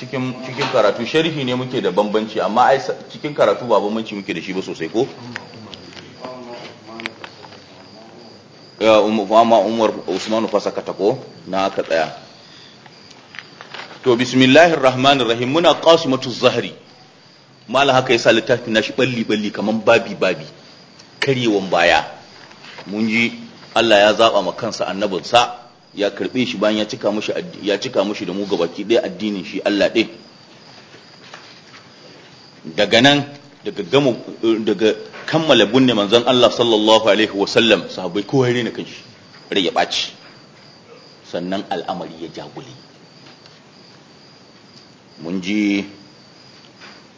cikin cikin karatu sharhi ne muke da bambanci amma ai cikin karatu ba bambanci muke da shi ba sosai ko ya umma umar usmanu fasakata ko na aka tsaya to bismillahir rahmanir rahim muna qasimatu zahri mala haka yasa littafin nashi balli balli kaman babi babi karyewan baya mun ji Allah ya zaba ma kansa annabinsa ya karbe shi bayan ya cika mushi ya cika mushi da mu gabaki ɗaya addinin shi Allah ɗaya daga nan daga gama daga kammala bunne manzon Allah sallallahu alaihi wa sallam sahabbai kowa rena kanshi rage baci sannan al'amari ya jagule mun ji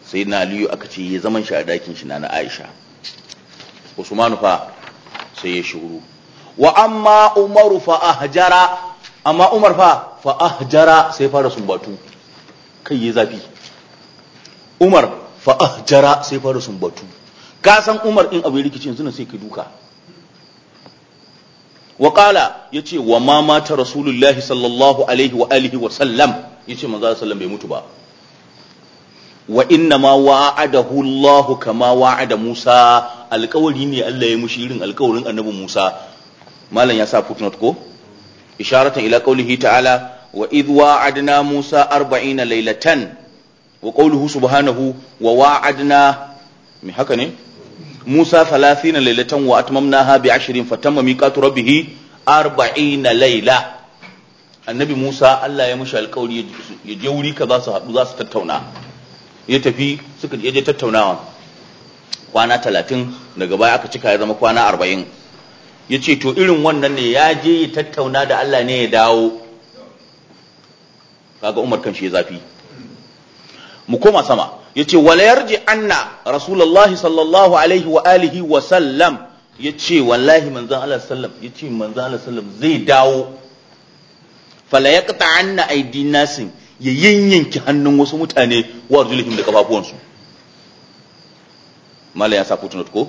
sai na aliyu aka ce ya zaman shi a dakin shi na na aisha usmanu fa sai ya shuru wa amma umaru fa ahjara amma umar fa fa ahjara sai fara sumbatu kai ya zafi umar fa ahjara sai fara sumbatu ka san umar din abu rikici yanzu sai ka duka wa qala yace wa ma mata rasulullahi sallallahu alaihi wa alihi wa sallam yace manzo sallallahu bai mutu ba wa inna ma wa'adahu Allahu kama wa'ada Musa alƙawari ne Allah ya mushi irin alƙawarin annabi Musa malam ya sa footnote ko isharatan ila qaulihi ta'ala wa idh wa'adna musa 40 laylatan wa qawluhu subhanahu wa wa'adna mi haka ne musa 30 laylatan wa atmamnaha bi 20 fatamma miqatu rabbih 40 layla annabi musa Allah ya mushi alƙawari ya je wuri ka za su haɗu za su tattauna ya tafi suka je tattaunawa kwana 30 daga baya aka cika ya zama kwana 40 ya ce to irin wannan ne ya je ya tattauna da Allah ne ya dawo kaga umar kan shi ya zafi mu koma sama ya ce wala yarji anna rasulullahi sallallahu alaihi wa alihi wa sallam ya ce wallahi manzan Allah sallam ya ce manzan Allah sallam zai dawo fala ya kata anna aidi nasin ya yanyanki hannun wasu mutane wa arjulihim da kafafuwansu mala ya sa footnote ko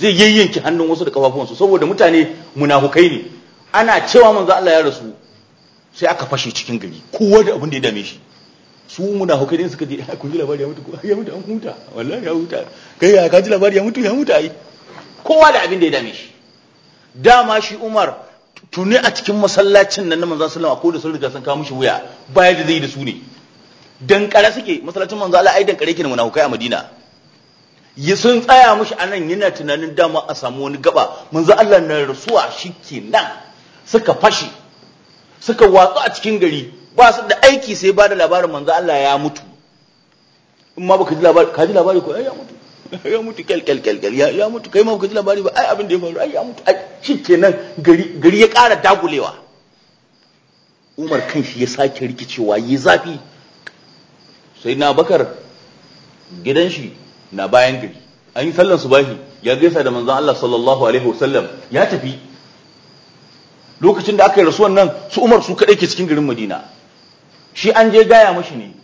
zai yayyanki hannun wasu da kafafuwansu saboda mutane munafukai ne ana cewa manzo Allah ya rasu sai aka fashe cikin gari kowa da abin da ya dame shi su munafukai din suka je ah, kun ji labari ya mutu ah, ya mutu an huta wallahi ya huta kai ya kaji labari ya mutu ya mutu ai kowa da abin da ya dame shi dama shi Umar tuni a cikin masallacin nan na manzo sallallahu alaihi wasallam akwai da sun riga sun kawo mishi wuya baya da zai da su ne kare suke masallacin manzo Allah ai kare ke munafukai a Madina yi sun tsaya mushi nan yana tunanin dama a samu wani gaba manzo Allah na rasuwa nan suka fashi suka watsu a cikin gari ba su da aiki sai ba da labarin manzo Allah ya mutu in ma baka ji labari ka ji labari ko ai ya mutu ya mutu kel kel kel kel ya mutu kai ma baka ji labari ba ai abin da ya faru ai ya mutu ai nan gari gari ya ƙara dagulewa Umar kanshi ya sake rikicewa yi zafi sai na bakar gidan shi na bayan gari an yi sallan subahi ya gaisa da manzan Allah sallallahu alaihi wasallam ya tafi lokacin da aka yi rasuwan nan su Umar su kadai ke cikin garin Madina shi an je gaya mashi ne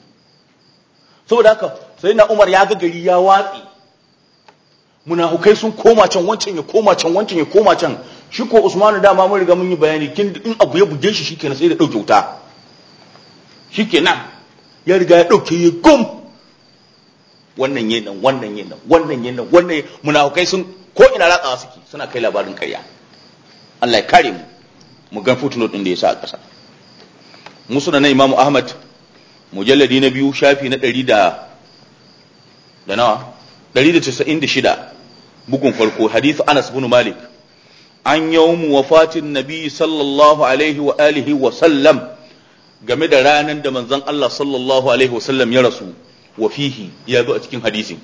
saboda haka sai na Umar ya ga gari ya watsi Muna munafukai sun koma can wancan ya koma can wancan ya koma can shi ko Usmanu dama mun riga mun yi bayani kin in abu ya buge shi shikenan sai da dauke wuta shikenan ya riga ya dauke ya gom. wannan yayin nan wannan yayin nan wannan yayin nan wannan munafukai sun ko ina ratsawa suke suna kai labarin karya. Allah ya kare mu mu ga footnote din da yasa a ƙasa musu na Imam Ahmad mujalladi na biyu shafi na 100 da da nawa 196 bugun farko hadith Anas bin Malik an yawmu wafatin nabi sallallahu alaihi wa alihi wa sallam game da ranar da manzon Allah sallallahu alaihi wa sallam ya rasu Wafihi ya zo a cikin hadisin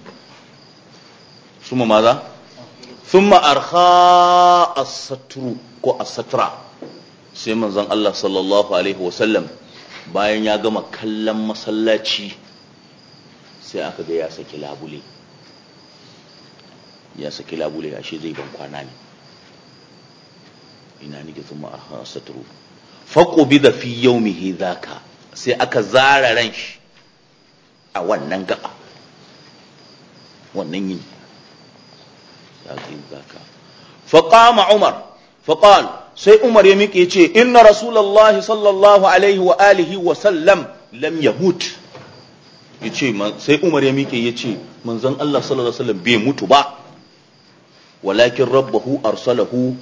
ma maza Sun ma'arha a saturu ko a satra sai manzon Allah sallallahu alaihi wasallam bayan ya gama kallon masallaci sai aka ga ya saki labule ya saki labule ashe zai ban kwana ne ina nike a saturu. Faƙo bi da fi yawmihi dhaka sai aka zara ran shi a wannan gaba wannan yini ya zai baka faqama umar faqal sai umar ya miƙe ce inna rasulullahi sallallahu alaihi wa alihi wa sallam lam yamut yace sai umar ya miƙe ya yace manzon Allah sallallahu alaihi Sallam bai mutu ba walakin rabbahu arsalahu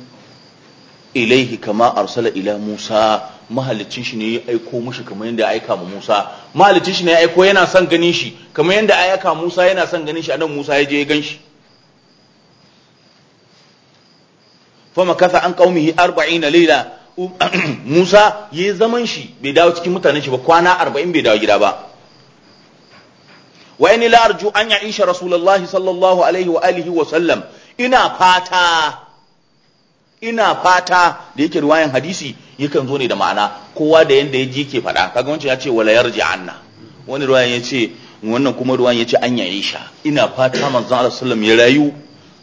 ilaihi kama arsala ila Musa mahalicin shi ne ya aiko mushi kamar yadda ya aika ma Musa mahalicin shi ne ya aiko yana son ganin shi kamar yadda ya aika Musa yana son ganin shi anan Musa ya je ya gan shi fa makatha an qaumihi 40 layla Musa yayi zaman shi bai dawo cikin mutanen shi ba kwana 40 bai dawo gida ba wa inni la arju an ya'isha rasulullahi sallallahu alaihi wa alihi wa sallam ina fata ina fata da yake ruwayan hadisi yakan zo ne da ma'ana kowa da yanda ya ji ke faɗa kaga wancan ya ce wala yarji anna wani ruwayan ya ce wannan kuma ruwayan ya ce an yaye sha ina fata manzon Allah sallam ya rayu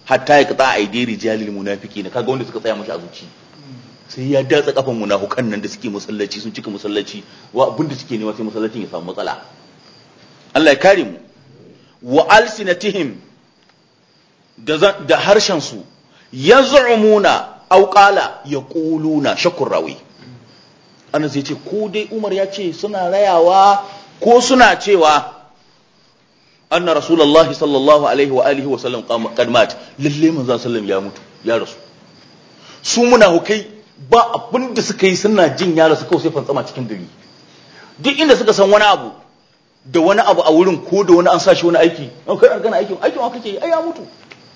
hatta ya qata aidi munafiki ne kaga wanda suka tsaya masa a zuci sai ya datsa kafan munafukan nan da suke musallaci sun cika musallaci wa abinda suke nema sai musallacin ya samu matsala Allah ya kare mu wa alsinatihim da harshen su yaz'umuna ya qala na shakun rawi zai ce ko dai umar ya ce suna rayawa ko suna cewa anna Allah sallallahu alaihi wa alihi wa sallam qad mat lalle manzo sallam ya mutu ya rasu su muna hukai ba abin da suka yi suna jin ya rasu kawai sai fantsama cikin gari duk inda suka san wani abu da wani abu a wurin ko da wani an sa shi wani aiki an kai an aikin aikin wa kake ai ya mutu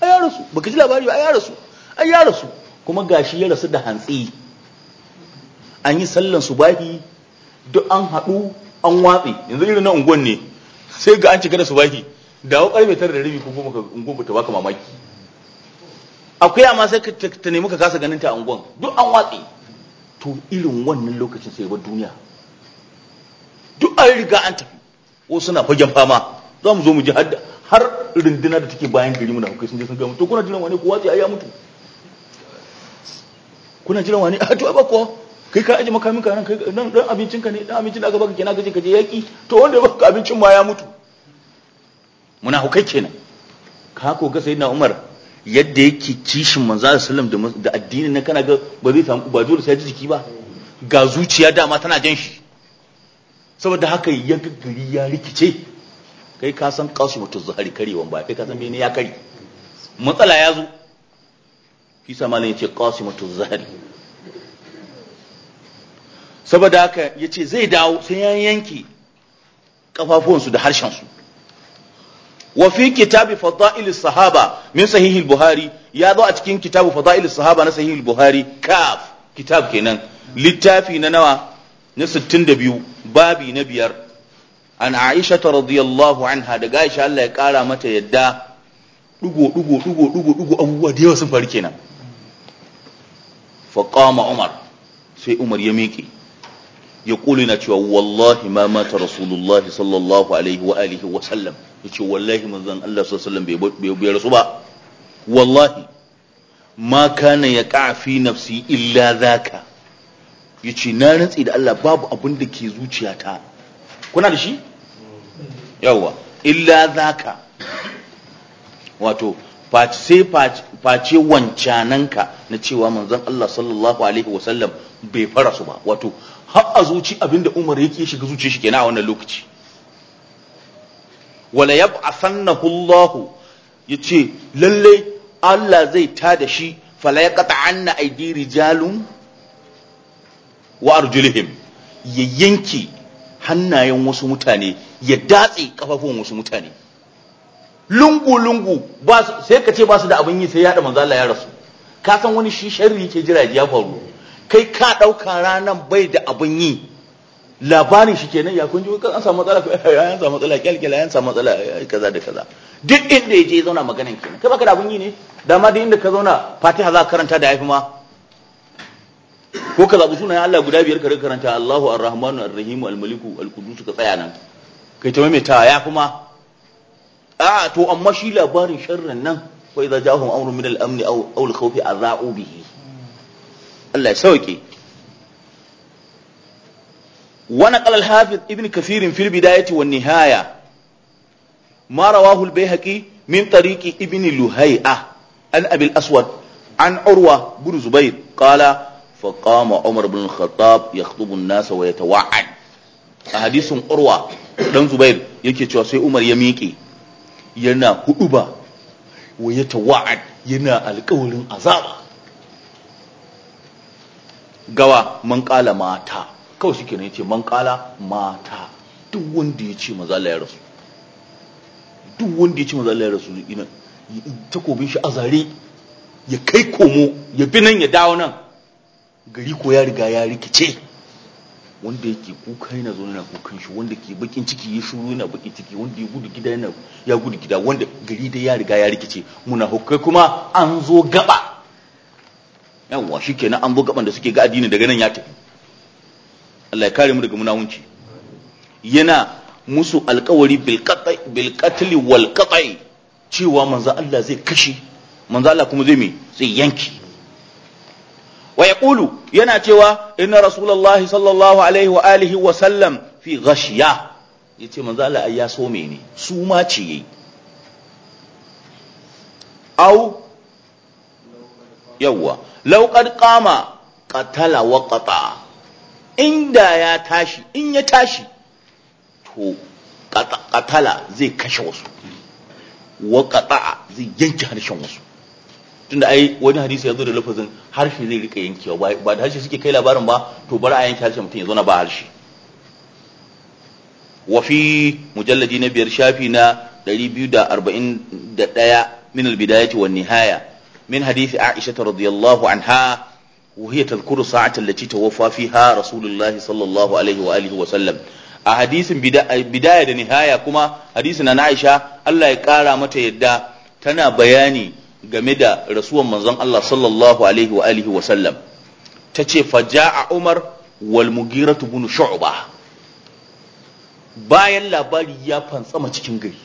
ai ya rasu baka ji labari ba ai ya rasu ai ya rasu kuma gashi ya rasu da hantsi an yi sallan subahi duk an haɗu an watsi yanzu irin na unguwan ne sai ga an cika da subahi dawo ƙarfe tara da rabi ko goma unguwan ta baka mamaki akwai amma sai ta nemi ka kasa ganin ta a unguwan duk an watsi to irin wannan lokacin sai ba duniya duk an riga an tafi wasu suna fagen fama za mu zo mu ji har rundunar da take bayan gari muna hukai sun je sun gama to kuna jiran wani kowa sai ya mutu kuna jiran wani a ah, to ba ko kai ka aje makaminka nan kai nan dan abincinka ne dan abincin da aka baka kenan kaje kaje yaki to wanda ya baka abincin ma ya mutu muna kai kenan ka ko ga sayyidina Umar yadda yake kishin manzo sallallahu alaihi da addini na kana ga ba zai samu ba dole sai jiki ba ga zuciya dama tana jan shi saboda haka ya gaggari ya rikice kai ka san kasu mutu zuhari karewan ba kai ka san mene ya kare matsala ya zo shi ya ce yace mutu zahari saboda haka ya ce zai dawo sai yan yanke kafafuwansu da harshen su wa fi kitabi sahaba min sahih buhari ya zo a cikin kitabu fada'il sahaba na sahih buhari kaf kitab kenan littafi na nawa na 62 babi na biyar an aisha radiyallahu anha daga aisha Allah ya kara mata yadda dugo dugo dugo dugo dugo abubuwa da yawa sun faru kenan fa umar sai umar ya miƙe ya kulu na cewa wallahi ma mata rasulullahi sallallahu alaihi wa alihi wa sallam ya ce wallahi manzon Allah sallallahu alaihi wa sallam bai rasu ba wallahi ma kana ya ƙafi nafsi illa zaka ce na rantsi da Allah babu abin da ke zuciyata kuna da shi yawa illa zaka wato sai face wancananka na cewa manzon Allah sallallahu alaihi wasallam bai fara su ba wato har a zuci abinda Umar yake shiga zuci shi kenan a wannan lokaci wala yab'athannahu Allah yace lallai Allah zai tada shi fala yaqta'anna aydi rijalun wa arjulihim ya yanke hannayen wasu mutane ya datse kafafun wasu mutane lungu lungu ba sai ka ce ba su da abin yi sai ya da manzo Allah ya rasu ka san wani shi sharri ke jira ya faru kai ka ɗauka ranar bai da abin yi labarin shi kenan ya kunji an samu matsala yan samu matsala kyalkyala yan samu matsala kaza da kaza duk inda ya je ya zauna maganan kenan kai baka da abin yi ne da ma duk inda ka zauna Fatiha za ka karanta da yafi ma ko ka zaɓi sunayen Allah guda biyar ka karanta Allahu Ar-Rahmanu Ar-Rahim Al-Maliku Al-Qudus ka tsaya nan kai ta maimaita ya kuma a to amma shi labarin sharrin nan wai za jahum amrun min al-amn aw aw al bihi Allah ya sauke wa naqala al-hafiz ibn kathir fi al-bidayati wan nihaya ma rawahu al-bayhaqi min tariqi ibn luhay'a an abi aswad an urwa bin zubair qala فقام عمر بن الخطاب يخطب الناس ويتوعد a hadisin urwa dan zubair yake cewa sai umar ya miƙe yana ba wa ya wa'ad yana alƙawarin azaba gawa man kala mata kawai shi kenan yace man kala mata duk wanda ya ce maza Allah ya rasu duk wanda ya ce maza la ya rasu ina takobin shi azare ya kai komo ya bi nan ya dawo nan gari ko ya riga ya rikice wanda yake kuka yana zo yana kukan shi wanda ke bakin ciki ya shuru yana bakin ciki wanda ya gudu gida yana ya gudu gida wanda gari dai ya riga ya rikice muna hukai kuma an zo gaba shi shikenan an zo gaban da suke ga addini daga nan ya tafi Allah ya kare mu daga munawunci yana musu alkawari bil qatl wal qat'i cewa manzo Allah zai kashe manzo Allah kuma zai me zai yanki wa yaqulu yana cewa inna rasulullahi sallallahu alaihi wa alihi wa sallam fi ghashiya yace manzo Allah ai ya ne suma ma ce yayi au yawwa law qad qama qatala wa inda ya tashi in ya tashi to qatala zai kashe wasu zai yanke harshen wasu tunda ai wani hadisi ya zo da lafazin harshe zai rika yankewa ba da harshe suke kai labarin ba to bari a yanke harshe mutum ya zo na ba harshe Wafi mujalladi na biyar shafi na 241 min albidayati wan nihaya min hadisi aisha radhiyallahu anha وهي تذكر ساعة التي توفى فيها رسول الله صلى الله عليه وآله وسلم a hadisin bidaya da nihaya kuma hadisin na Aisha Allah ya kara mata yadda tana bayani game da rasuwan manzon Allah sallallahu alaihi wa alihi wa sallam tace faja'a Umar wal Mughira ibn Shu'ba bayan labari ya fantsama cikin gari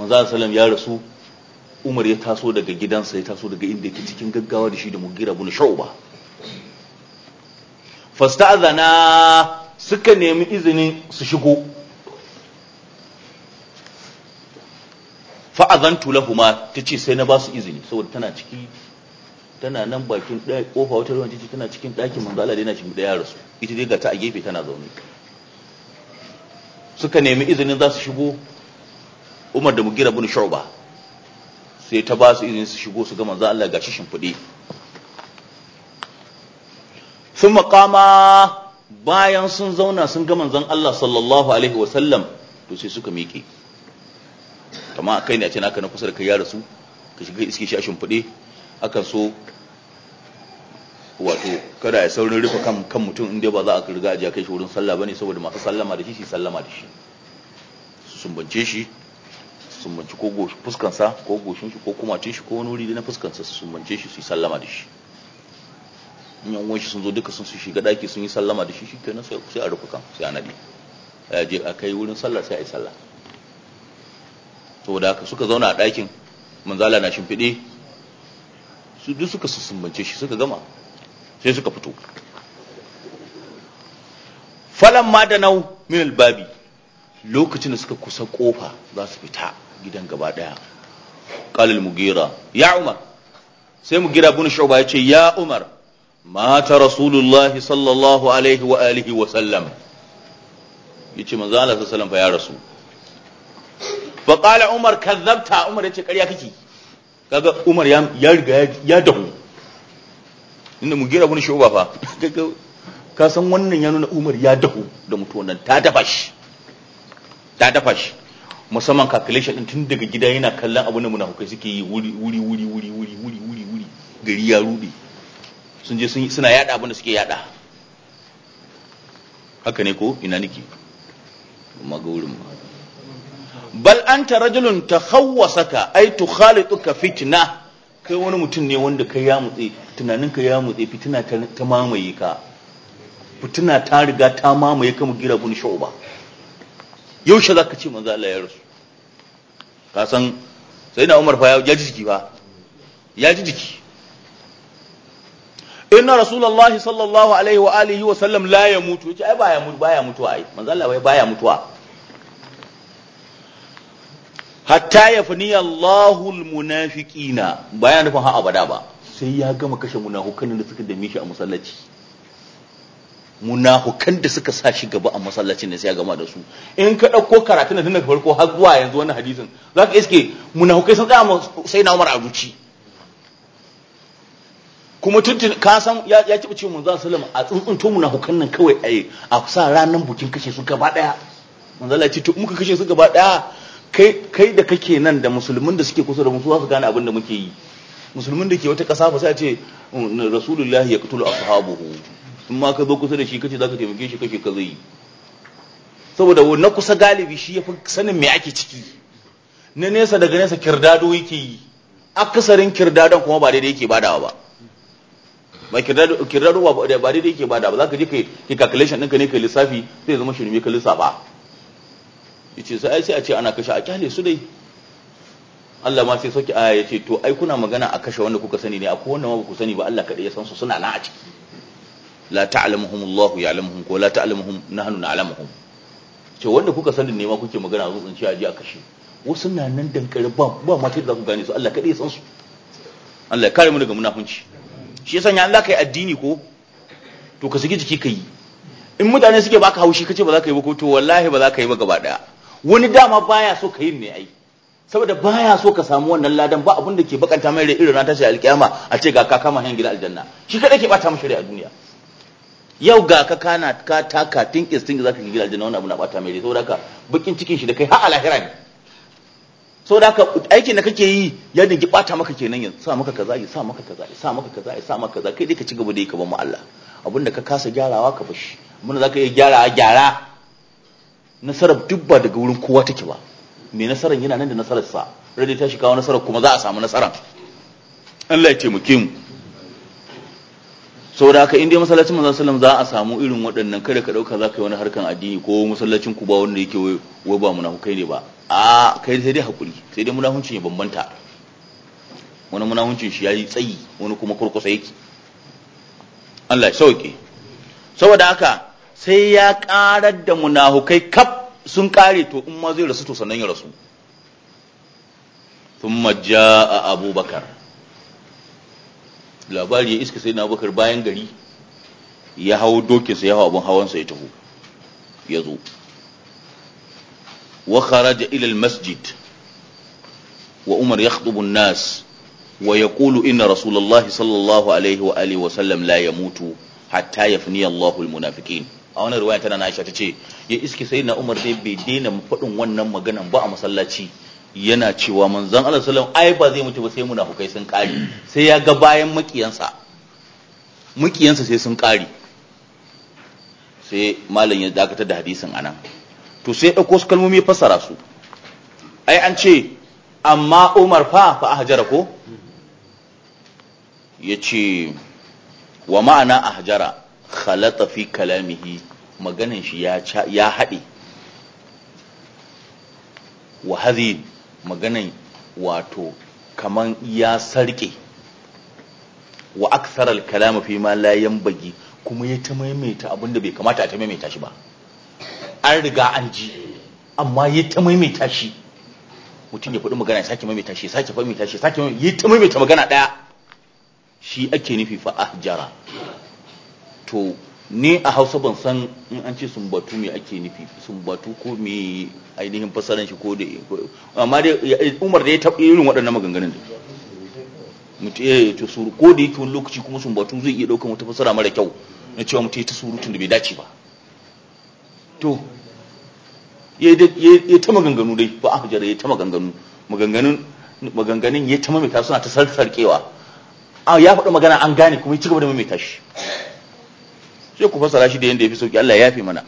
manzon sallam ya rasu Umar ya taso daga gidansa ya taso daga inda yake cikin gaggawa da shi da Mughira ibn Shu'ba fasta'azana suka nemi izinin su shigo Fa'azantu lahuma ta ce sai na ba su izini saboda tana ciki tana nan bakin kofa wata ruwan titi tana cikin ɗakin manzo Allah dai na shi da rasu. ita dai ga ta a gefe tana zaune suka nemi izinin za su shigo Umar da Mugira bin Shu'ba sai ta ba su izinin su shigo su ga manzo Allah gashi shimfiɗe Sun makama bayan sun zauna sun ga manzon Allah sallallahu alaihi wasallam to sai suka miƙe amma kai ne a ce aka na kusa da kai ya rasu ka shiga iske shi a shimfiɗe akan so wato kada ya saurin rufe kan kan mutum inda ba za a riga a kai shi wurin sallah bane saboda masu sallama da shi shi sallama da shi su sumbance shi sumbance ko goshin fuskansa ko goshin shi ko kumacin shi ko wani wuri na fuskansa su sumbance shi su yi sallama da shi in yan uwan shi sun zo duka sun su shiga daki sun yi sallama da shi shi sai sai a rufe kan sai a naɗi a je a kai wurin sallah sai a yi sallah saboda haka suka zauna a ɗakin manzala na shimfiɗe su duk suka sussumbance shi suka gama sai suka fito Falon ma da nau min babi lokacin da suka kusa kofa za su fita gidan gaba ɗaya Ƙalil mugira ya umar sai mugira bin shauba ya ce ya umar mata rasulullahi sallallahu alaihi wa alihi wa sallam yace manzala Allah sallallahu alaihi wa sallam fa ya rasu wa qala umar kazzabta umar ce ƙarya kake kaga umar ya riga ya dahu inda mu gira wani shuba fa ka san wannan ya nuna umar ya dahu da mutu nan ta dafa shi ta dafa shi musamman calculation din tun daga gida yana kallon abu da munafukai suke yi wuri wuri wuri wuri wuri wuri wuri gari ya rube sun je suna yada abin da suke yada haka ne ko ina niki? amma ga wurin ma bal anta rajulun takhawwasaka ay ka fitna kai wani mutum ne wanda kai ya mutse tunaninka ya mutse fitina ta mamaye ka fitina ta riga ta mamaye ka mu gira bun shauba yaushe zaka ce manzo Allah ya rasu ka san sai na Umar fa ya ji jiki ba ya ji jiki inna rasulullahi sallallahu alaihi wa alihi wa sallam la yamutu yace ai ba ya mutu ba ya mutuwa ai manzo Allah bai ba ya mutuwa hatta ya yafni Allahul munafiƙina ba ya nufin ha'a abada ba sai ya gama kashe munafukan da suka dame shi a masallaci munafukan da suka sa shi gaba a masallacin ne sai ya gama da su in ka ɗauko karatun da tun daga farko har zuwa yanzu wannan hadisin za ka iske munafukai sun tsaya sai na umar a zuci kuma tuntun ka san ya ci ce manzo sallama a tsuntsunto munafukan nan kawai a sa ranar bukin kashe su gaba daya manzo Allah ya ce to muka kashe su gaba daya kai da kake nan da musulmin da suke kusa da mu su za gane abin da muke yi musulmin da ke wata ƙasa ba sai a ce mm, rasulullahi ya qutulu ashabuhu in ma ka zo kusa da shi kace zaka taimake shi kake ka zai saboda na kusa galibi shi yafi sanin me ake ciki na nesa daga nesa kirdado yake yi akasarin kirdadon kuma ba daidai yake badawa ba ba kirdado ba daidai yake badawa ba zaka je kai calculation ɗinka ne kai lissafi sai zama shirme ka lissafa yace sai sai a ce ana kashe a kyale su dai Allah ma sai soki aya yace to ai kuna magana a kashe wanda kuka sani ne akwai wanda ba ku sani ba Allah kadai ya san su suna nan a ciki la ya ya'lamuhum ko la ta'lamuhum nahnu na'lamuhum ce wanda kuka sani ne ma kuke magana zo tsinci ji a kashe wasu na nan dankare ba ba ma da ku gane su Allah kadai ya san su Allah ya kare mu daga munafunci shi yasa ya Allah kai addini ko to ka sigi jiki kai in mutane suke baka haushi kace ba za ka yi ba ko to wallahi ba za ka yi ba gaba daya wani dama baya so ka yin ne ai saboda baya so ka samu wannan ladan ba abin da ke bakanta mai rai irin tashi alƙiyama a ce ga ka kama hanyar gida aljanna shi kada ke bata mashi rai a duniya yau ga ka kana ka taka tinkis tinkis zaka gida aljanna wani abu na bata mai rai saboda haka bakin cikin shi da kai har a lahira ne saboda haka aikin da kake yi ya dingi bata maka kenan yanzu sa maka kaza ya sa maka kaza ya sa maka kaza ya sa maka kaza kai dai ka ci gaba da yi ka ba mu Allah abinda ka kasa gyarawa ka bashi abinda zaka iya gyarawa gyara nasarar dubba daga wurin kowa take ba mai nasarar yana nan da nasarar sa rade ta shiga kawo nasarar kuma za a samu nasara Allah ya taimake mu saboda haka in dai masallacin manzon wasallam za a samu irin waɗannan kada ka dauka zaka ka yi wani harkan addini ko masallacin ku ba wanda yake wai ba munafukai ne ba a kai sai dai hakuri sai dai munafunci ya bambanta wani munafuncin shi yayi tsayi wani kuma kurkusa yake Allah ya sauke saboda haka sai ya ƙarar da munahukai kaf sun ƙare to in ma zai rasu to sannan ya rasu thumma jaa abubakar labari ya iska sai na abubakar bayan gari ya hau dokinsa ya hau abin sa ya taho ya zo wa kharaja ila masjid wa umar yakhdubu an-nas wa yaqulu inna rasulullahi sallallahu alaihi wa alihi wa sallam la yamutu hatta yafniya Allahu al-munafiqin a wani ruwaya tana na ce ya iski sai na Umar dai bai daina faɗin wannan maganan ba a masallaci yana cewa manzan Allah salam ai ba zai mutu ba sai hukai sun ƙari sai ya ga bayan makiyansa makiyansa sai sun kare sai malam ya dakatar da hadisin anan to sai ya ɗauko su kalmomi fassara su ai an ce amma Umar fa fa a hajara ko Ya ce wa ma'ana a hajara. khalata fi kalamihi maganin shi ya haɗe wa hadhi maganin wato kaman ya sarƙe wa akthar al kalam fi ma la yanbaghi kuma ya ta maimaita abinda bai kamata a ta maimaita shi ba an riga an ji amma ya ta maimaita shi mutum ya faɗi magana ya sake maimaita shi sake maimaita shi sake ya ta maimaita magana ɗaya shi ake nufi fa ahjara to ni a hausa ban san in an ce sumbatu me ake nufi sumbatu ko me ainihin fasaran shi ko da amma dai umar da ya taɓa irin waɗannan maganganun da mutum eh, ya ta suru ko da yake wani lokaci kuma sumbatu zai iya ɗaukar wata fasara mara kyau na cewa mutum ya ta surutun da bai dace ba to ya ta maganganu dai ba a hajjara ya ta maganganu maganganun maganganun ya ta mamita suna ta sarkarkewa ya faɗi magana an gane kuma ya ci gaba da mamita shi sai ku fasara shi da yanda fi sauki Allah ya fi mana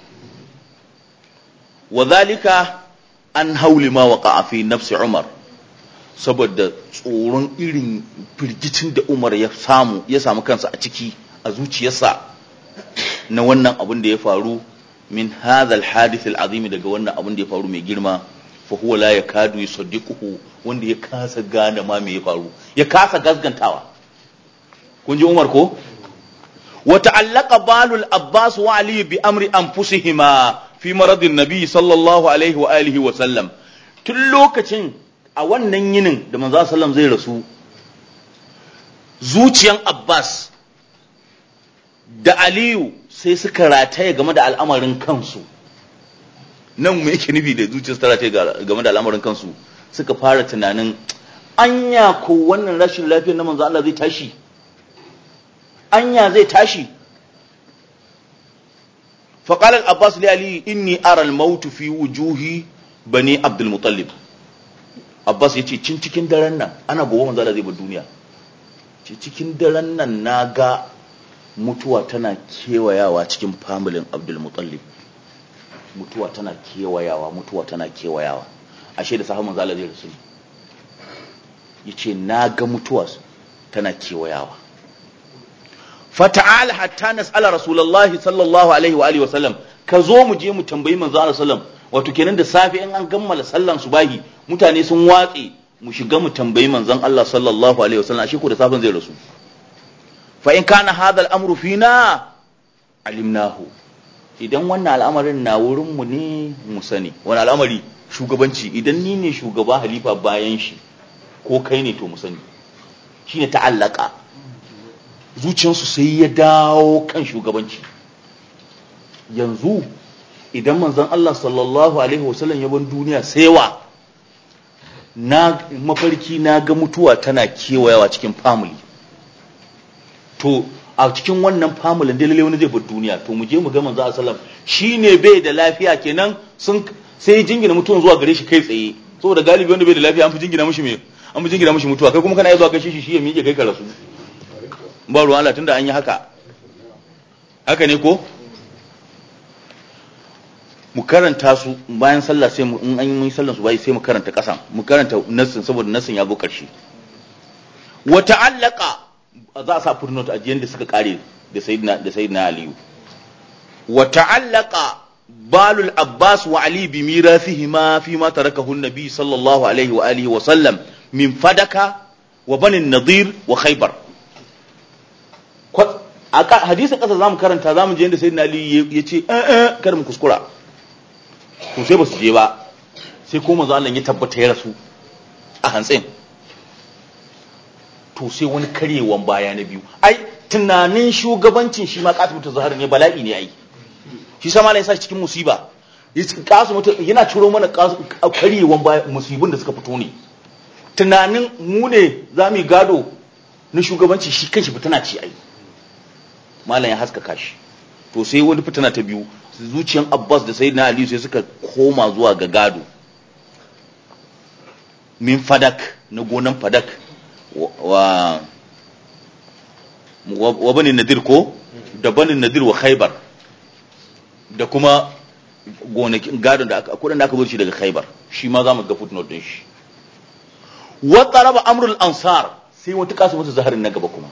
Wa zalika an hauli ma waqa fi nafsi Umar saboda tsoron irin firgicin da Umar ya samu ya samu kansa a ciki a zuciyarsa na wannan abin da ya faru min hadha al-hadith daga wannan abin da ya faru mai girma fa huwa la yakadu yusaddiquhu wanda ya kasa gane ma me ya faru ya kasa gaskantawa kun ji Umar ko Wata ta'allaqa balul abbas wa ali bi amri anfusihima fi maradin nabi sallallahu alaihi wa alihi wa sallam tun lokacin a wannan yinin da manzo sallam zai rasu zuciyan abbas da aliyu sai suka rataye game da al'amarin kansu nan me yake nufi da zuciyar ta rataye game da al'amarin kansu suka fara tunanin anya ko wannan rashin lafiyar na manzo Allah zai tashi anya zai tashi faƙalar abbas li ali inni aral mautu fi wujuhi bani abdul mutallib abbas ya ce cin cikin daren nan ana gobe manzo Allah zai bar duniya Cin cikin daren nan na ga mutuwa tana kewayawa cikin familin abdul mutallib mutuwa tana kewayawa mutuwa tana kewayawa ashe da sahaban manzo Allah zai rasu ya ce na ga mutuwa tana kewayawa fata'ala hatta nas'ala rasulullahi sallallahu alaihi wa alihi wa sallam ka zo mu je mu tambayi manzo Allah sallam wato kenan da safe in an gammala sallan subahi mutane sun watse mu shiga mu tambayi manzon Allah sallallahu alaihi wa sallam ashe ko da safin zai rasu fa in kana hadha al-amru fina alimnahu idan wannan al'amarin na wurin mu ne mu sani wani al'amari shugabanci idan ni ne shugaba halifa bayan shi ko kai ne to mu sani shine ta'allaka zuciyarsu sai ya dawo kan shugabanci yanzu idan manzan Allah sallallahu alaihi wasallam ya ban duniya sai wa na mafarki na ga mutuwa tana kewayawa cikin family to a cikin wannan family da lalewa na zai duniya to mu je mu ga manzan asalam shi ne bai da lafiya kenan sun sai jingina mutuwan zuwa gare shi kai tsaye saboda galibi wanda bai da lafiya an fi jingina mushi an fi jingina mutuwa kai kuma kana iya zuwa kai shi shi ya miƙe kai ka rasu ba ruwan Allah tunda an yi haka haka ne ko mu karanta su bayan sallah sai mu in an yi sallar su bai sai mu karanta kasan mu karanta nassin saboda nassin ya zo karshe wa ta'allaqa za a sa footnote a jiyan da suka kare da sayyidina da sayyidina aliyu wa ta'allaqa balul abbas wa ali bi mirathihima fi ma tarakahu an-nabi sallallahu alaihi wa alihi wa sallam min fadaka wa banin nadir wa khaybar a hadisin ƙasa za mu karanta za mu je yadda sayyidina ali ya ce eh, eh, kar mu kuskura to sai ba su je ba sai ko manzo Allah ya tabbata ya rasu a hantsin to sai wani karyewan baya na biyu ai tunanin shugabancin shi ma mutu zahar ne bala'i ne ai shi sama Allah ya sa shi cikin musiba kasimutu yana ciro mana karyewan baya musibin da suka fito ne tunanin mu ne za mu gado na shugabanci shi kanshi ba tana ci ai malam ya haskaka shi to sai wani fitina ta biyu zuciyan abbas da na ali sai suka koma zuwa ga gado min fadak na gonan fadak wa wa bani nadir ko da bani nadir wa khaybar da kuma gonakin gado da aka kudin da aka shi daga khaybar shi ma zamu ga footnote din shi wa taraba amrul ansar sai wata kasu wata zaharin na gaba kuma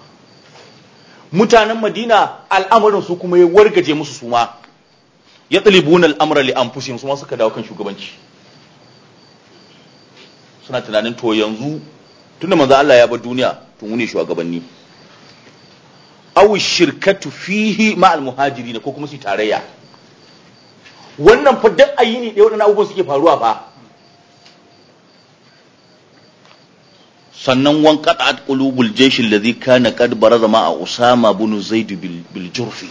mutanen madina al'amarin su kuma ya wargaje musu suma ya ɗalibun al'amura li an su ma suka dawo kan shugabanci suna tunanin to yanzu tunda manzo Allah ya bar duniya tun wuni shugabanni aw shirkatu fihi ma al muhajirin ko kuma su tarayya wannan fa duk ne wadannan abubuwan suke faruwa fa sannan wan qata'at qulubul jaysh alladhi kana qad baraza ma usama bin zaid bil jurfi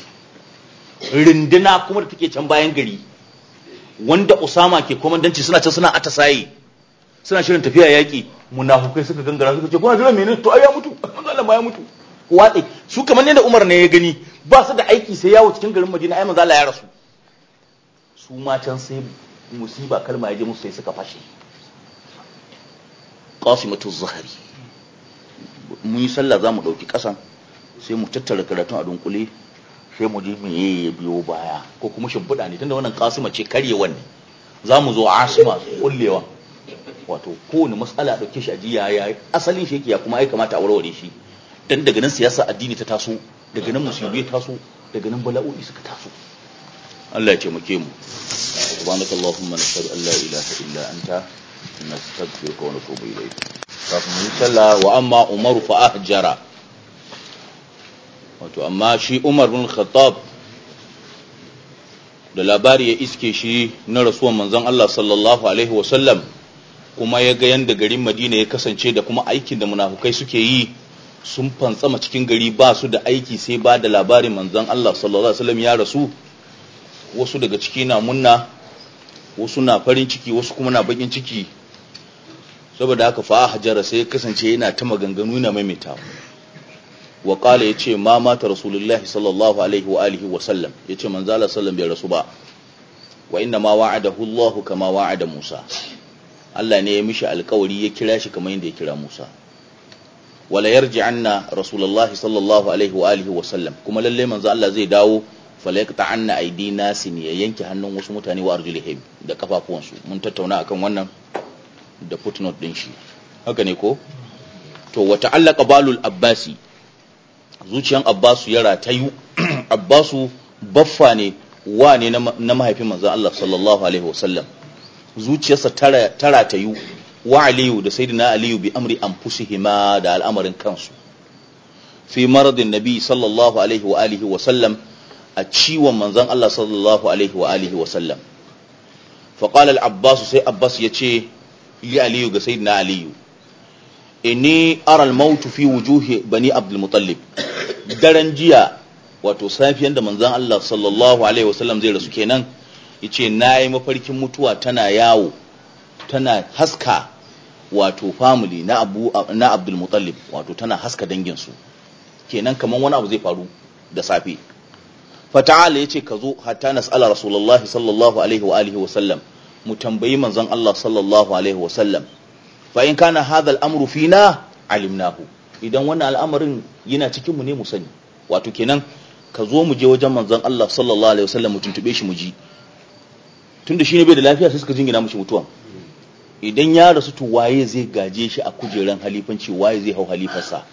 rinduna kuma da take can bayan gari wanda usama ke komandanci suna can suna atasaye suna shirin tafiya yaki munafukai suka gangara suka ce kuna jiran menene to ai ya mutu Allah ma ya mutu watsi su kamar yadda Umar ne ya gani ba su da aiki sai yawo cikin garin Madina ai manzo Allah ya rasu su ma can sai musiba kalma ya je musu sai suka fashe qasimatu zahari mun yi sallah za mu ɗauki ƙasan sai mu tattara karatun a dunkule sai mu ji meye ya biyo baya ko kuma shimfiɗa ne tunda wannan kasima ce karyewan ne za mu zo asima kullewa wato kowane matsala ɗauke shi a jiya ya asalin shi ya kuma ya kamata a warware shi dan daga nan siyasa addini ta taso daga nan musulmi ya taso daga nan bala'o'i suka taso Allah ya taimake mu subhanakallahumma nashhadu an la ilaha illa anta نستغفرك ونتوب إليك kafin yi sallah wa amma umaru fa ahjara wato amma shi umar bin khattab da labari ya iske shi na rasuwan manzon Allah sallallahu alaihi wasallam kuma ya ga yanda garin Madina ya kasance da kuma aikin da munafukai suke yi sun fantsama cikin gari ba su da aiki sai ba da labarin manzon Allah sallallahu alaihi wasallam ya rasu wasu daga ciki na munna wasu na farin ciki wasu kuma na bakin ciki saboda haka fa hajara sai ya kasance yana ta maganganu na maimaita wa ya yace ma mata rasulullahi sallallahu alaihi wa alihi wa sallam yace manzo Allah sallam bai rasu ba wa inna ma wa'adahu Allah kama wa'ada Musa Allah ne ya mishi alkawari ya kira shi kamar yadda ya kira Musa wala yarji'anna rasulullahi sallallahu alaihi wa alihi wa sallam kuma lalle manzo Allah zai dawo falaqta anna aidina sin ya yanke hannun wasu mutane wa arjulihim da kafafuwansu mun tattauna akan wannan da footnote din shi haka ne ko to wata allaka balul abbasi zuciyan abbasu ya ratayu abbasu baffa ne wa ne na mahaifin manzon Allah sallallahu alaihi wasallam zuciyarsa tara tara tayu wa aliyu da sayyidina aliyu bi amri an anfusihima da al'amarin kansu fi maradin nabi sallallahu alaihi wa alihi wasallam a ciwon manzon Allah sallallahu alaihi wa alihi wasallam sallam fa qala al-abbas sai abbas yace li aliyu ga na aliyu inni aral mautu fi wujuhi bani abdul muttalib daren jiya wato safiyan da manzon Allah sallallahu alaihi wasallam zai rasu kenan yace nayi mafarkin mutuwa tana yawo tana haska wato family na abu na abdul muttalib wato tana haska danginsu. su kenan kamar wani abu zai faru da safe fata'ala yace ka zo hatta nas'ala rasulullahi sallallahu alaihi wa alihi sallam mu tambayi manzon Allah sallallahu alaihi wasallam fa in kana hadha al-amru fina alimnahu idan wannan al'amarin yana cikin mu ne mu sani wato kenan ka zo mu je wajen manzon Allah sallallahu alaihi wasallam mu tuntube shi mu ji tunda shine bai da lafiya sai suka jingina mishi mutuwa idan ya rasu to waye zai gaje shi a kujeran halifanci waye zai hau halifarsa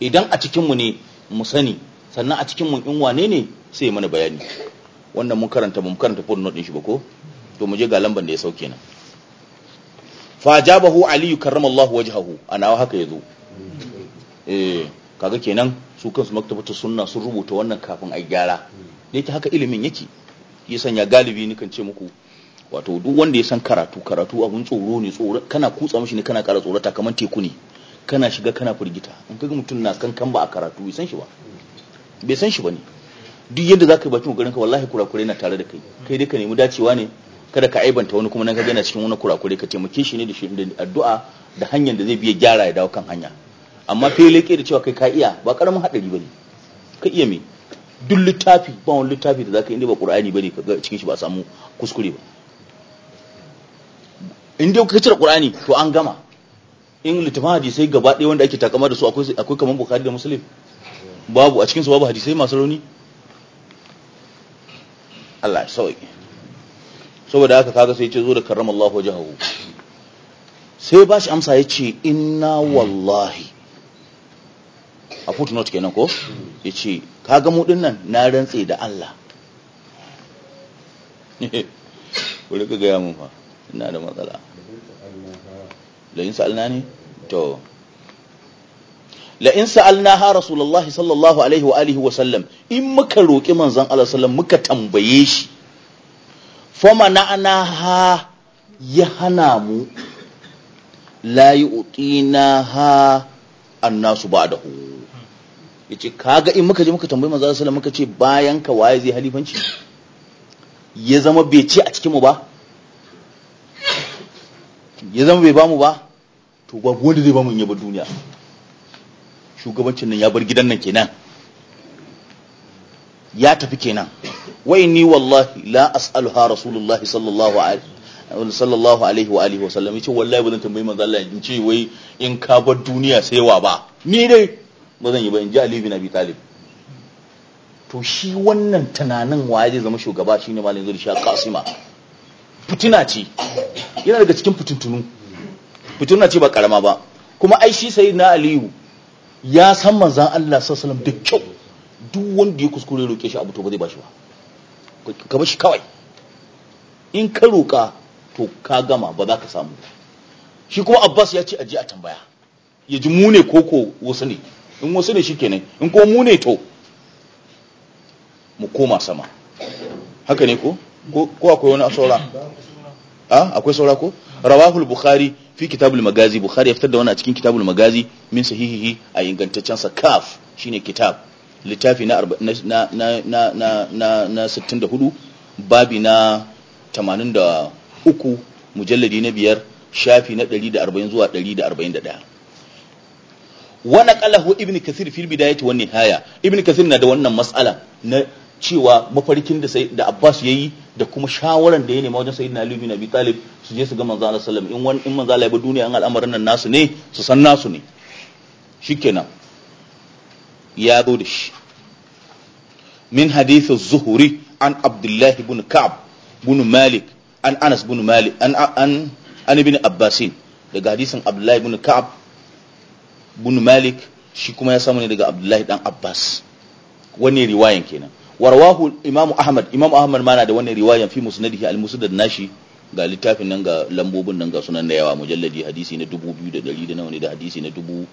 idan a cikin mu ne mu sani sannan a cikin mu in wane ne sai mana bayani wannan mun karanta mun karanta footnote din shi ba ko to mu je ga lamban da ya sauke nan fa jabahu ali karramallahu wajhahu ana haka yazo eh kaga kenan su kansu maktabatu sunna sun rubuta wannan kafin a gyara yake haka ilimin yake ya sanya galibi kan ce muku wato duk wanda ya san karatu karatu abun tsoro ne tsoro kana kutsa mishi ne kana kara tsorata kamar teku ne kana shiga kana firgita in kaga mutum na kankan ba a karatu bai san shi ba bai san shi bane duk yadda zaka yi bakin garin ka wallahi kurakure na tare da kai kai duka ne mu dacewa ne kada ka aibanta wani kuma nan ka yana cikin wani kurakure ka taimake shi ne da shi da addu'a da hanyar da zai biya gyara ya dawo kan hanya amma fa leke da cewa kai ka iya ba karamin hadari bane ka iya me duk littafi ba wani littafi da zaka inda ba qur'ani bane ka cikin shi ba samu kuskure ba in dai ka cire qur'ani to an gama in littafin hadisai gaba ɗaya wanda ake takama da su akwai akwai kaman bukhari da muslim babu a cikin su babu hadisai masu rauni Allah ya sauke saboda haka kaga sai ce zo da karramallahu wajhahu sai ba shi amsa ce inna wallahi a footnote kenan ko Ya ce kaga mu dinnan na rantse da Allah wani ka gaya mun fa ina da matsala yin sa'alna ne to in sa'alna ha rasulullahi sallallahu alaihi wa alihi wa sallam in muka roƙi manzon Allah sallam muka tambaye shi fama na ana ha ya hana mu layi utina ha annasu ba da ya kaga in muka je muka tambayi manzo sallallahu muka ce bayan ka waye zai halifanci ya zama bai ce a cikin mu ba ya zama bai bamu ba to gwagwanda zai bamu in yaba duniya shugabancin nan ya bar gidan nan kenan ya tafi kenan wai ni wallahi la as'alha rasulullahi sallallahu alaihi sallallahu alaihi wa alihi wa sallam yace wallahi bazan tambayi manzo Allah in ce wai in ka bar duniya sai wa ba ni dai bazan yi ba in ji Ali bin Abi Talib to shi wannan tunanin waye zai zama shugaba shine malamin zuri sha Qasima fitina ce yana daga cikin fitintunu fitina ce ba karama ba kuma ai shi sayyidina Aliyu ya san manzon Allah sallallahu alaihi wasallam da kyau duk wanda ya kuskure roƙe shi abu to ba zai bashi ba ka bashi kawai in ka roƙa to ka gama ba za ka samu shi kuma Abbas ya ce aje a tambaya ya ji mune ko ko wasu ne in wasu ne shikenan in ko mune to mu koma sama haka ne ko ko akwai wani saura a ah, akwai saura ko rawahul bukhari fi kitabul magazi bukhari ya fitar da wani a cikin kitabul magazi min sahihihi a ingantaccen sa kaf shine kitab littafi na 64 babi na 83 mujalladi na biyar shafi na 140 zuwa 141 wani kalahu ibn kasir fil bidayati wani nihaya ibn kasir na da wannan matsala na cewa mafarkin da da Abbas yayi da kuma shawaran da ya nema wajen sayyidina Ali bin Abi Talib su je su ga manzo Allah sallallahu alaihi wasallam in manzo Allah ya bi duniya an al'amarin nan nasu ne su san nasu ne shikenan ya zo da shi min حديث الزهري zuhri an الله بن كعب بن مالك an anas بن مالك an عن عن ابن abbasin daga hadisin Abdullahi ibn ka'b malik shi kuma ya samu ne daga Abdullahi dan abbas wani riwayan kenan warwahu imamu ahmad imamu ahmad ma na da wani riwayan fi musnadihi al-musnad nashi ga littafin nan ga lambobin nan ga sunan da yawa mujalladi hadisi na 2200 da nawa ne da hadisi na 1000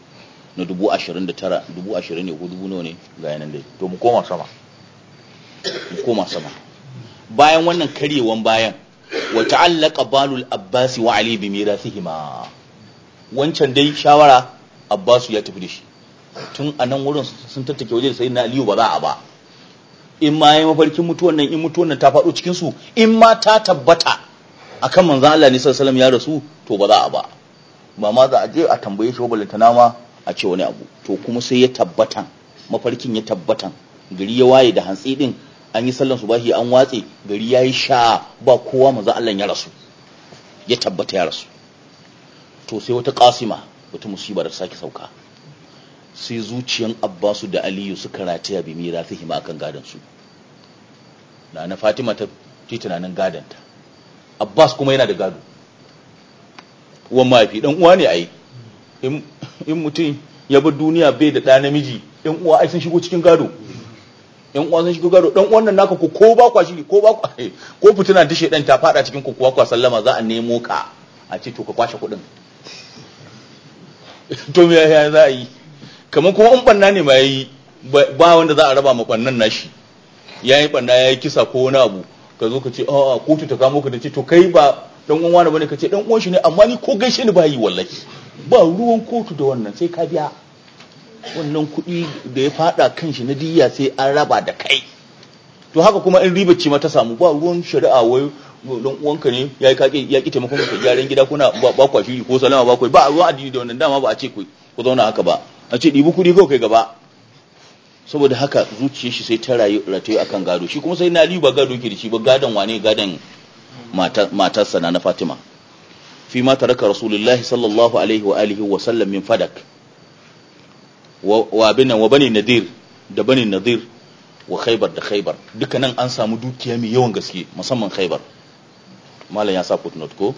na 29 ne ko 2000 ne ga yanan dai to mu koma sama koma sama bayan wannan karyewan bayan wa ta'allaqa balul abbasi wa ali bi mirasihima wancan dai shawara abbasu ya tafi da shi tun a nan wurin sun tattake waje da sayyidina ali ba za a ba in ma yayi mafarkin mutuwan nan in mutuwan nan ta faɗo cikin su in ma ta tabbata akan manzon Allah ne sallallahu alaihi wasallam ya rasu to ba za a ba ba ma za a je a tambaye shi ta nama a ce wani abu to kuma sai ya tabbatan mafarkin ya tabbatan gari ya waye da hantsi din an yi sallan subahi an watse gari ya yi sha ba kowa manzo Allah ya rasu ya tabbata ya rasu to sai wata kasima wata musiba da sake sauka sai zuciyan Abbasu da Aliyu suka rataya su hima akan gadan su na na Fatima ta ti tunanin ta. Abbas kuma yana da gado uwan mahaifi dan uwa ne ai in mutum ya bar duniya bai da ɗa namiji dan uwa ai sun shigo cikin gado yan uwan sun shiga gado dan uwan nan naka ko ko ba kwa shiri ko ba kwa eh, ko fitina ta shedan ta fada cikin ku kuwa kwa sallama za a nemo ka a ce to ka kwashe kuɗin to me ya za a yi kamar kuma in banna ne ma yayi ba wanda za a raba ma bannan nashi yayi banna yayi kisa ko wani abu ka zo ka ce a a kotu ta kamo ka da ce to kai ba dan uwan wani bane ka ce dan uwan shi ne amma ni ko gaishe ni ba yi wallahi ba ruwan kotu da wannan sai ka biya wannan kuɗi da ya fada kan shi na diyya sai an raba da kai to haka kuma in riba ce ma ta samu ba ruwan shari'a wai don uwanka ne ya yi kake ya ki taimakon ka gyaran gida kuna ba kwa shiri ko salama ba ku ba ruwan addini da wannan dama ba a ce ku ku zauna haka ba a ce dibi kuɗi ko kai gaba saboda haka zuciyar shi sai ta rayu ratayi akan gado shi kuma sai na liyu gado ke da shi ba gadon wane gadon matarsa na na Fatima fi ma taraka Rasulullahi sallallahu alaihi wa alihi wa sallam min fadak wa abin nan wa bani nadir da bani nadir wa khaybar da khaybar dukkanin an samu dukiya mai yawan gaske musamman khaybar malam ya sa footnote ko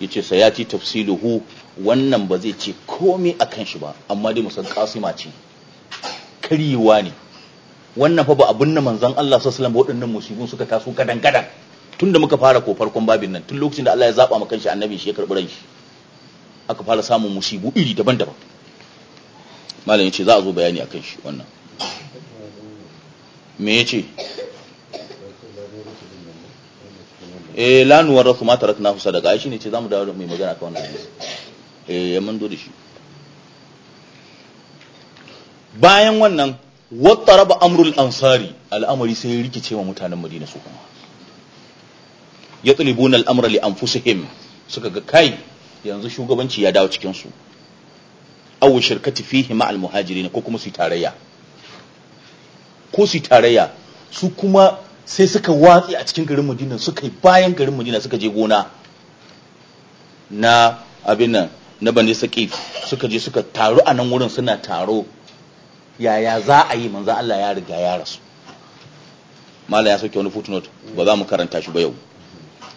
yace sayati tafsiluhu wannan ba zai ce komai akan shi ba amma dai musan kasima ce karyewa ne wannan fa ba abun nan manzon Allah sallallahu alaihi wasallam waɗannan musibin suka taso gadan gadan tunda muka fara ko farkon babin nan tun lokacin da Allah ya zaba maka kanshi annabi shi ya karbi ran shi aka fara samun musibu iri daban-daban malam ya ce za a zo bayani a kan shi wannan me ya ce eh lanuwar rasu mata na kusa daga aishi ne ce za mu dawo mai magana ka wannan yanzu eh ya mando da shi bayan wannan raba amrul ansari al'amari sai rikice wa mutanen madina su kuma yatlibuna al'amra li anfusihim suka ga kai yanzu shugabanci ya dawo cikinsu. aw shirkati fihi ma al ko kuma su tarayya ko su tarayya su kuma sai suka watsi a cikin garin Madina suka yi bayan garin Madina suka je gona na abin nan na Bani saki suka je suka taru a nan wurin suna taro yaya za a yi manzo Allah ya riga ya rasu mala ya sauke wani footnote ba za mu karanta shi ba yau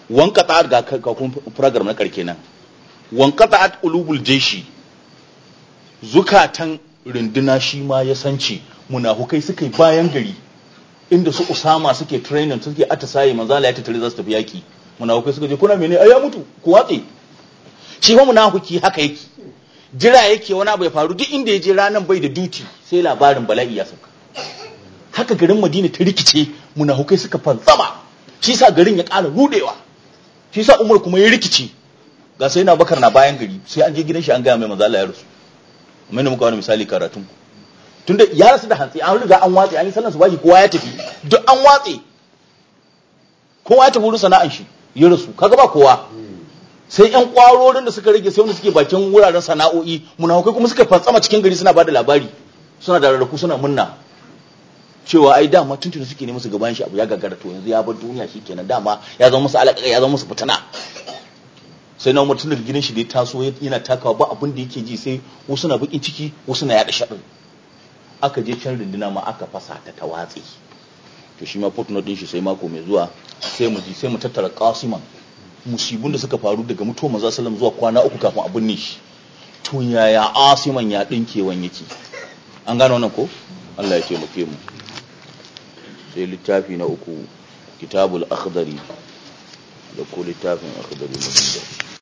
wanka ta ga kun program na karke nan wanka at ulubul jeshi zukatan runduna shi ma ya sanci munafukai suka yi bayan gari inda su usama suke training suke atisaye manzo Allah ya tattare za su tafi yaki munafukai suka je kuna mene ai ya mutu ku watse shi ma munafuki haka yake jira yake wani abu ya faru duk inda ya je ranan bai da duty sai labarin bala'i ya sauka haka garin Madina ta rikice munafukai suka fantsama shi sa garin ya ƙara rudewa shi sa Umar kuma ya rikice ga sai na Bakar na bayan gari sai an je gidan shi an ga mai manzo Allah ya rusu mai muka wani misali karatun tunda ya rasu da hantsi an riga an watse an yi sallan su bashi kowa ya tafi duk an watse kowa ya tafi wurin sana'an shi ya rasu kaga ba kowa sai yan kwarorin da suka rage sai wanda suke bakin wuraren sana'o'i hukai kuma suka fantsama cikin gari suna bada labari suna da rarraku suna munna cewa ai dama tun suke ne musu gaban shi abu ya gagara to yanzu ya bar duniya shikenan dama ya zama musu alaƙa ya zama musu fitana sai na umar tun daga gidan shi da ya taso yana takawa ba abin da yake ji sai wasu na bakin ciki wasu na yada shaɗin aka je can rindina ma aka fasa ta ta to shi ma footnote din shi sai mako mai zuwa sai mu ji sai mu tattara kasiman musibun da suka faru daga mutuwar manzo sallam zuwa kwana uku kafin abin ne shi to yaya asiman ya ɗinke yake an gano wannan ko Allah ya taimake mu sai littafi na uku kitabul akhdari da ko littafin akhdari mutum